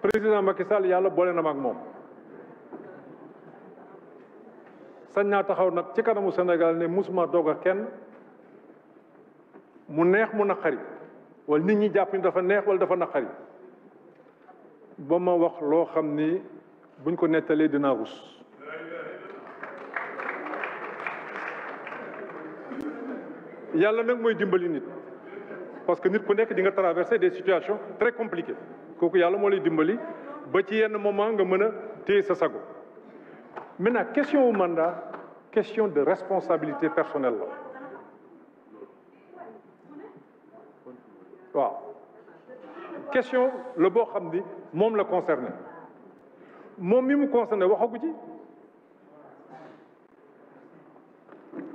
président Macky Sall yàlla boole na ma Je taxaw nak ci kanamu Sénégal ne musuma doga a kenn mu neex mu wal nit ñi dafa neex wal dafa na ba ma wax lo xamni buñ ko netalé dina rus yalla nak moy dimbali nit parce que nous connaissons nekk di nga traverser des situations très compliquées kooku yalla mo lay dimbali ba ci yenn moment nga mën a sa sago maintenant question au mandat question de responsabilité personnelle question le bo xamni mom la concerné mom mi mu concerné waxagu ci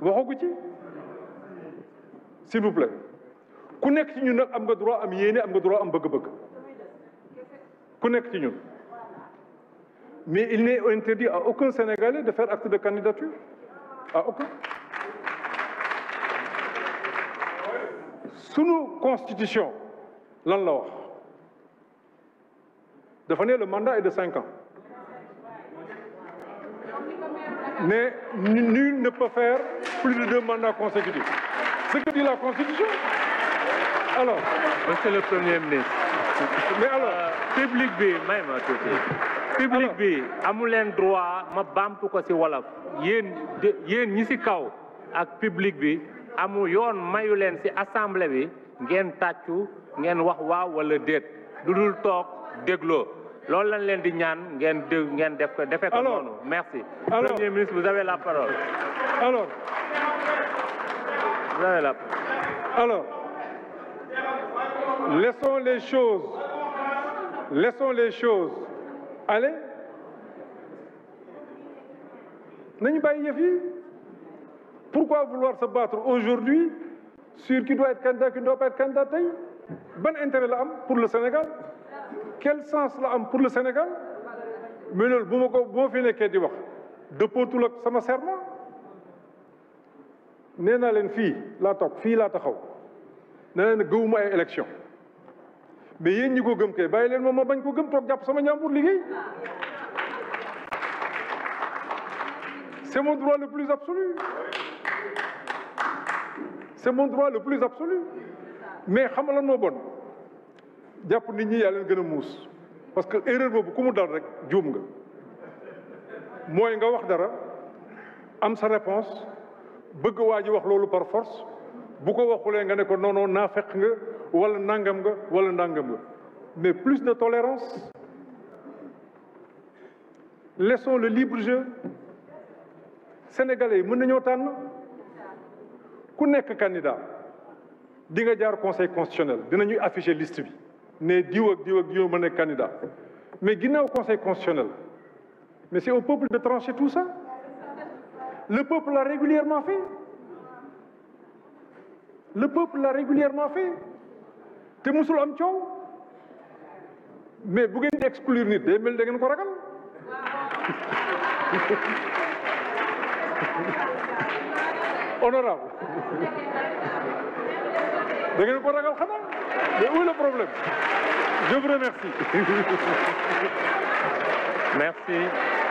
waxagu ci s'il vous plaît ku nek ci ñun nak am nga droit am yene am nga droit am bëgg-bëgg connecte-nous. mais il n'est interdit à aucun Sénégalais de faire acte de candidature à aucun Sous constitution constitutions, la de le mandat est de 5 ans mais nul ne peut faire plus de deux mandats consécutifs ce que dit la constitution alors monsieur le premier mais alors public B, may ma tuuti public B, amu leen droit ma baamtu ko ci wolof yéen yéen ñi ci kaw ak public B, amu yoon mayu leen ci assemblée bi ngeen tàccu ngeen wax waaw walla déet du dul toog dégloo loolu lañ leen di ñaan ngeen dégg ngeen def ko ko noonu merci premier ministre vous avez la parole alors vous avez la parole alors laissons les choses laissons les choses aller pourquoi vouloir se battre aujourd'hui sur qui doit être candidat qui ne doit pas être candidat Bon intérêt la pour le Sénégal quel sens la pour le Sénégal mais le bon ma ko bu de fi nekkee di wax dëppootul ak sama serment nee naa La une fille la taxaw élection mais yéen ñi ko gëm kay bàyyi leen moom bañ ko gëm tok japp sama ñaam pour liggéey c'est mon droit le plus absolu c'est mon droit le plus absolu mais xam lan mo bon japp nit ñi ya leen gëna a parce que erreur bobu ku mu dal rek joom nga mooy nga wax dara am sa réponse bëgg waaji wax loolu par force bu ko waxulee nga ne ko non non naa fekk nga mais plus de tolérance laissons le libre jeu sénégalais êtes-vous mën nañoo Canada? ku nekk candidat di nga conseil constitutionnel dinañuy afficher liste bi ne diw ak diw ak mais conseil constitutionnel mais c'est au peuple de trancher tout ça le peuple l'a régulièrement fait le peuple l'a régulièrement fait te musul am coow mais bu ngeen di exclure nit day mel da ngeen ko ragal honorable da ngeen ko ragal xanaa mais où est le problème je vous remercie merci